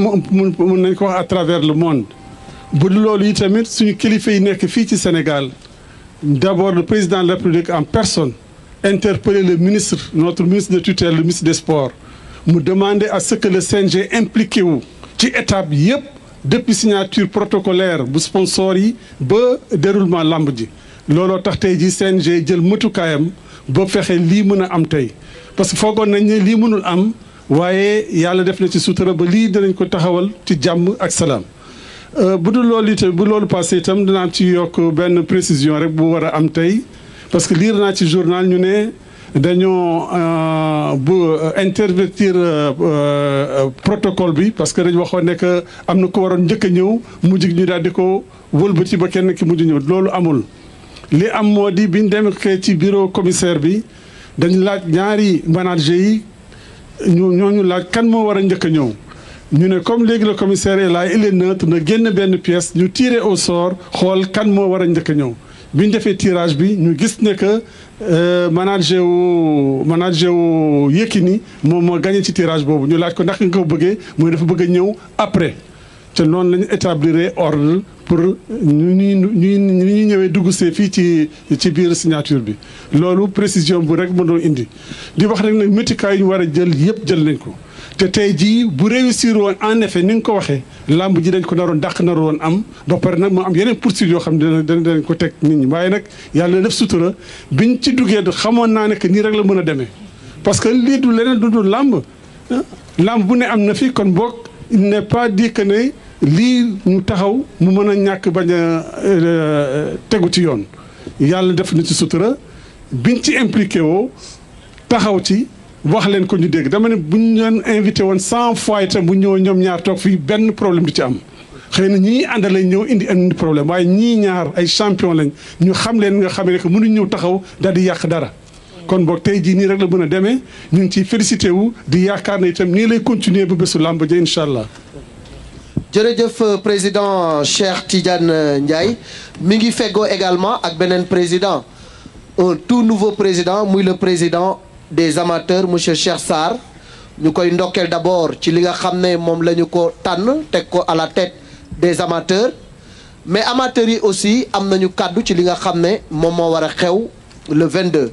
mun nañ ko wax à travers le monde bu loolu yi suñu kilifa yi nekk fii ci Sénégal d'abord le président de la République personne interpeller le ministre notre ministre de tutelle des sports mu demander à ce que le CNG impliqué wu ci étape yépp depuis signature protocolaire bu sponsor yi ba déroulement lamb ji looloo tax tey ji CNG jël matukaayam ba fexe lii mën a am tey parce foogoon nañ ne mënul am waaye yàlla def na ci sutura ba lii dinañ ko taxawal ci jàmm ak salaam euh, bu du loolu itam bu loolu passé itam dinaa ci yokk benn précision rek bu war a am tey parce que lire naa ci journal ñu ne dañoo euh, bu euh, intervertir protocole bi parce que dañ waxoon ne que am na ko waroon njëkk a ñëw mujj ñu daal di ko wëlbati ba kenn ki mujj ñëw loolu amul. li am moo di biñ demee ci bureau commissaire bi dañ laaj ñaari manager yi. ñu ñooñu laaj kan moo war a njëkk a ñëw ñu ne comme léegi la commissaire est là il est na génn benn pièce ñu tiire au sort xool kan moo war a njëkk a ñëw bi ñu defee tirage bi ñu gis ne que euh, manager wu manager wu Yékini moom moo gañee ci tirage boobu ñu laaj ko ndax nga ko bëggee mooy dafa bëgg a ñëw après te noonu la ñu établir ordre pour ñu ñuy ñu ñuy ñëwee dugg see fii ci ci biir signature bi loolu précision bu rek mënoo indi di wax rek nag métikaay yi ñu war a jël yëpp jël nañ ko. te tey jii bu réussir woon en effet ni nga ko waxee làmb ji dañ ko naroon dàq naroon woon am ba pare nag moo am yeneen poursuites yoo xam ne dana danañ ko teg nit ñi waaye nag yàlla def sutura biñ ci duggee xamoon naa ne que nii rek la mën a demee. parce que lii du leneen du du làmb làmb bu ne am na fi kon boog il pas dit que lii mu taxaw mu mën a ñàkk bañ a euh, tegu ci yoon yàlla def na ci sutura biñ ci impliqué woo taxaw ci wax leen ko ñu dégg dama ne bu ñu leen invité woon cent fois itam bu ñëw ñoom ñaar toog fii benn problème du ci am xëy na ñii àndalay ñëw indi indi problème waaye ñii ñaar ay champion lañ ñu xam leen nga xamee ne que mënuñ ñëw taxaw dal di yàq dara kon boog tey jii nii rek la mën a demee ñu ngi ciy félicité wu di yaakaar na itam nii lay continuer ba bésu làmb ja incha jërëjëf euh, président Cheikh Tidiane euh, Ndiaye mi ngi feggoo également ak beneen président un tout nouveau président muy le président des amateurs monsieur Cheikh Sarr ñu koy ndokkeel d'abord ci li nga xam ne moom la ñu ko tànn teg ko à la tête des amateurs mais amateurs yi aussi am nañu kàddu ci li nga xam ne moom moo war a xew le 22.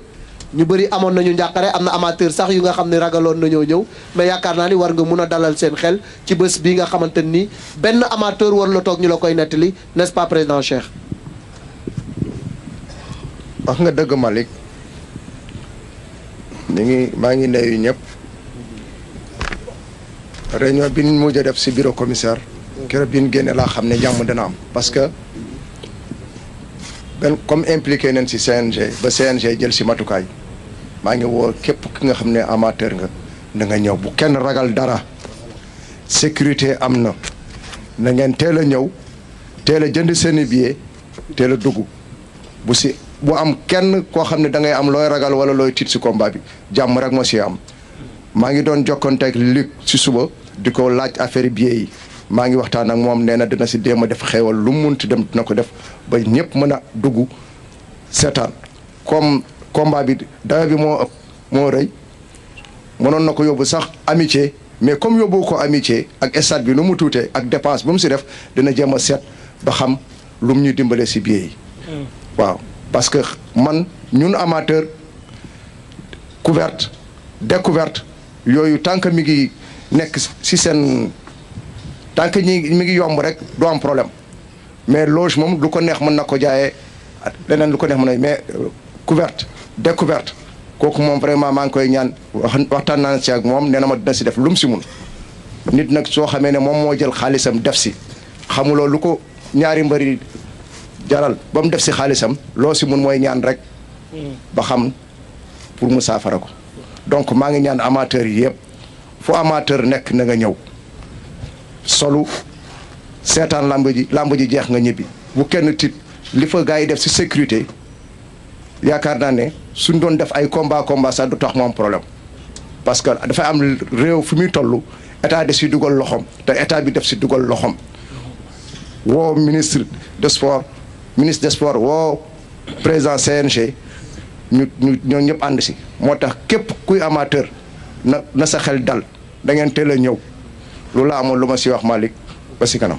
ñu bëri amoon nañu njàqare am na amateur sax yu nga xam ne ragaloon nañoo ñëw mais yaakaar naa ni war nga mun a dalal seen xel ci bës bi nga xamante ni benn amateur war la toog ñu la koy nettali n'est-ce pas président Cheikh. wax nga dëgg Malick ngi maa ngi nuyu ñëpp réunion bi nu mujj a def si bureau commissaire. keroog bi ñu génne laa xam ne jàmm dana am parce que. benn comme impliqué nañ si CNG ba CNG jël si matukaay maa ngi woo képp ki nga xam ne amateur nga na nga ñëw bu kenn ragal dara sécurité am na na ngeen teel a ñëw teel a jënd seeni i billet teel a dugg bu si bu am kenn koo xam ne da ngay am looy ragal wala looy tiit si combat bi jàmm rek moo si am maa ngi doon jokkonteeg Luc si suba di ko laaj affaire billet yi. maa ngi waxtaan ak moom nee na dina si déem a def xéewal lu mu mun munti dem dina ko def ba ñëpp mën a dugg seetaan comme combat bi dawe bi moo ëpp moo rëy mënoon na ko yóbbu sax amitié mais comme yóbbu ko amitié ak stade bi nu mu tuutee ak dépense bu mu si def dina jéem a seet ba xam lu mu ñuy dimbale si billet yi. Hmm. waaw parce que man ñun amateur couverte découverte yooyu tant que mi ngi nekk si seen. tant que ñi mi ngi yomb rek du am problème mais loge moom lu ko neex mën na ko jaayee leneen lu ko neex mën na mais euh, couverte découverte kooku moom vraiment maa ngi koy ñaan waxtaan naa si ak moom nee na ma dina si def lu mu si mun nit nag soo xamee ne moom moo jël xaalisam def si xamuloo lu ko ñaari mbëri jaral ba mu def si xaalisam loo si mun mooy ñaan rek ba xam pour mu saafara ko donc maa ngi ñaan amateur yi yëpp fu amateur nekk na nga ñëw solu seetaan làmb ji làmb ji jeex nga ñibbi bu kenn tiit li fa gars yi def ci sécurité yaakaar naa ne suñ doon def ay combat combat sax du tax mu problème parce que dafay am réew fu muy toll état de si dugal loxoom te état bi def si dugal loxoom woo ministre de sport ministre de sport woo président CNG ñu ñu ñëpp ànd si moo tax képp kuy amateur na na sa xel dal da ngeen teel a ñëw loolu la amoon lu ma si wax Malick ba si kanam.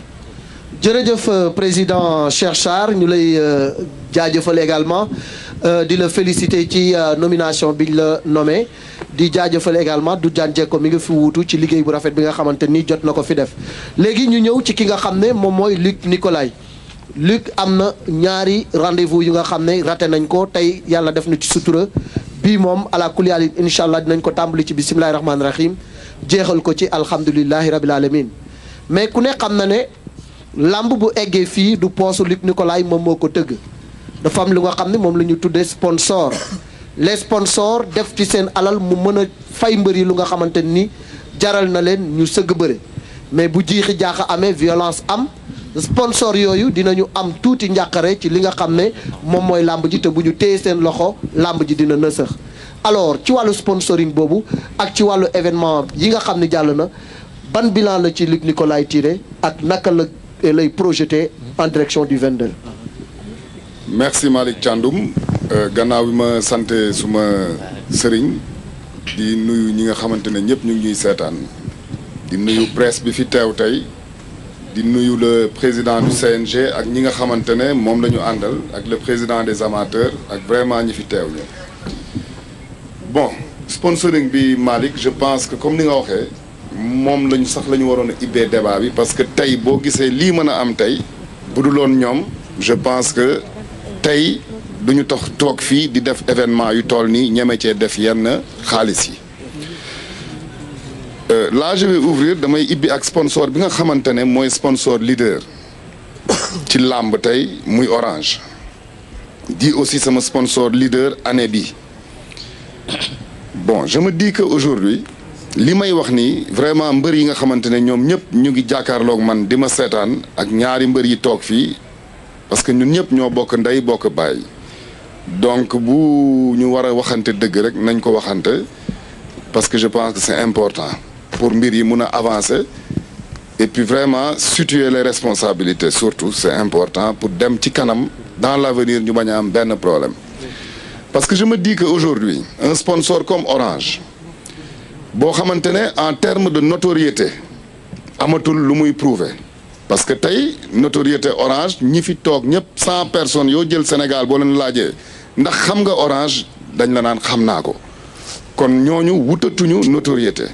jërëjëf euh, président Cheikh Sarr ñu lay euh, jaajëfal également euh, di la félicité ci nomination biñ la nommé di jaajëfal également du jaan jekko mi nga fi wuutu ci liggéey bu rafet bi nga xamante ni jot na ko fi def léegi ñu ñëw ci ki nga xam ne moom mooy Luc Nicolaï Luc am na ñaari rendez-vous yu nga xam ne raté nañ ko tey yàlla def na ci sutura bii moom ala kulli haal allah dinañ ko tàmbali ci bisimilahi rahmaani rahim jeexal ko ci alhamdulilahi rabil alamin mais ku ne xam na ne lamb bu eggee fii du poosu Luc Nicolaï moom moo ko tëgg dafa am lu nga xam ne moom la ñu tuddee sponsor les sponsors def ci seen alal mu mën a fay mbër yi lu nga xamante ni jaral na leen ñu sëgg bëre mais bu jiixi jaaxa amee violence am sponsor yooyu dinañu am tuuti njàqare ci li nga xam ne moom mooy làmb ji te bu ñu téye seen loxo làmb ji dina nësëx alors ci wàllu sponsoring boobu ak ci wàllu événement yi nga xam ne jàll na ban bilan la ci Luc Nicolaï tiire ak naka la lay projeté en direction du 22. merci Malick Thiandoum euh, gannaaw bi ma sant suma sëriñ di nuyu ñi nga xamante ne ñëpp ñu ngi seetaan di nuyu presse bi fi teew tey. di nuyu le président du CNG ak ñi nga xamante ne moom la ñu àndal ak le président des amateurs ak vraiment ñi fi teew ñu bon sponsoring bi Malick je pense que comme ni nga waxee moom lañu sax la ñu waroon a ibbee débat bi parce que tey boo gisee lii mën a am tey bu du loon ñoom je pense que tey ñu tax toog fii di def événement yu tool nii ñeme cee def yenn xaalis yi Euh, là je vais ouvrir damay ibbi ak sponsor bi nga xamante ne mooy sponsor leader ci làmb tey muy Orange di aussi sama sponsor leader année bi bon je me dis que aujourd'hui li may wax nii vraiment mbër yi nga xamante ne ñoom ñëpp ñu ngi jàkkaarloog man di ma seetaan ak ñaari mbër yi toog fii parce que ñun ñëpp ñoo bokk ndey bokk baay donc bu ñu war a waxante dëgg rek nañ ko waxante parce que je pense que c'est important pour mbir yi mun a avancer et puis vraiment situer les responsabilités surtout c'est important pour dem ci kanam dans l'avenir ñu bañ a am benn problème parce que je me dis que aujourd'hui un sponsor comme Orange boo xamante ne en termes de notoriété amatul lu muy prouver parce que tey notoriété Orange ñi fi toog ñëpp cent personnes yoo jël Sénégal boo leen laajee ndax xam nga Orange dañ la naan xam naa ko kon ñooñu wutatuñu notoriété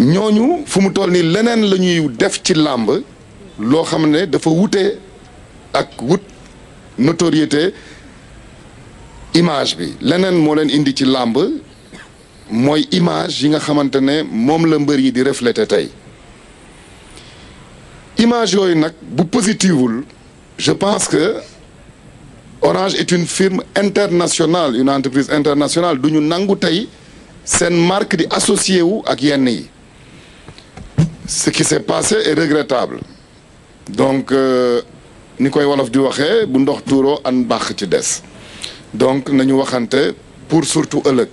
ñooñu fu mu toll nii leneen la ñuy def ci làmb loo xam ne dafa wute ak wut notoriété image bi leneen moo leen indi ci làmb mooy image yi nga xamante ne moom la mbër yi di refléter tey image yooyu nag bu positivul je pense que Orange est une firme internationale une entreprise internationale du ñu nangu tey seen marque di associé wu ak yenn yi ce qui s'est passé et regrettable donc euh, ni koy wolof di waxee bu ndox tuuroo an baax ci des donc nañu waxante pour surtout ëllëg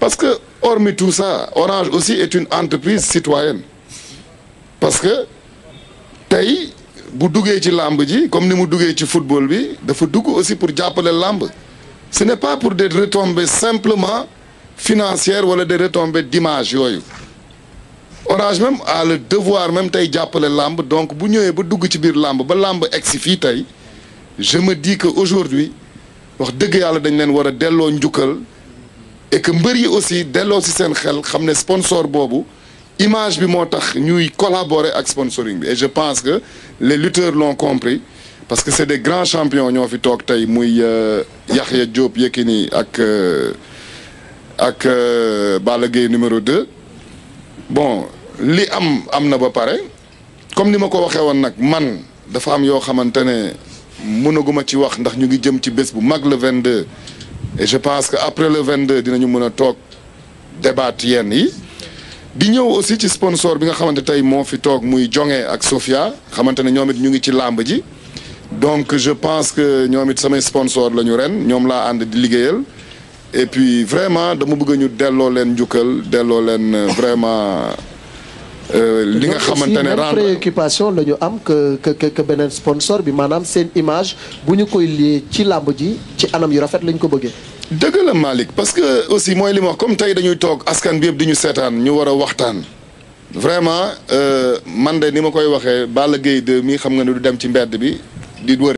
parce que hormis tout ça Orange aussi est une entreprise citoyenne parce que tey bu duggee ci làmb ji comme ni mu duggee ci football bi dafa dugg aussi pour jàppale làmb ce n'est pas pour des retombées simplement financière wala des retombées d'image yooyu orange même a le devoir même tey jàppale làmb donc bu ñëwee ba dugg ci biir làmb ba làmb egg si fii tey je me dis que aujourd'hui wax dëgg yàlla dañu leen war a delloo njukkal et que mbër yi aussi delloo si seen xel xam ne sponsor boobu image bi moo tax ñuy collaborer ak sponsoring bi e je pense que les lutteurs l'ont compris parce que c'est des grands champions ñoo fi toog tey muy euh, Yaxya Diop Yekini ak euh, ak euh, Balla Gaye numéro 2 bon li am am na ba pare comme ni ma ko waxee woon nag man dafa am yoo xamante ne mënaguma ci wax ndax ñu ngi jëm ci bés bu mag le 22 et je pense que après le de dinañu mën a toog débat yenn yi di ñëw aussi ci sponsor bi nga xamante tey moo fi toog muy Jonge ak Sofia xamante ne ñoom it ñu ngi ci làmb ji donc je pense que ñoom it samay sponsor la ñu ren ñoom laa ànd di liggéeyal et puis vraiment dama bëgg ñu delloo leen njukkal delloo leen vraiment. Euh, li nga xamante ne rendre préoccupation la am que que que beneen sponsor bi maanaam seen image bu ñu koy lii ci làmb ji ci anam yu rafet lañ ko bëggee. dëgg la Malick parce que aussi mooy li ma wax comme tey dañuy toog askan bi yëpp di ñu seetaan ñu war a waxtaan. vraiment euh, man de ni ma koy waxee Balla Gaye 2 mii xam nga ni du dem ci mbedd bi di wër.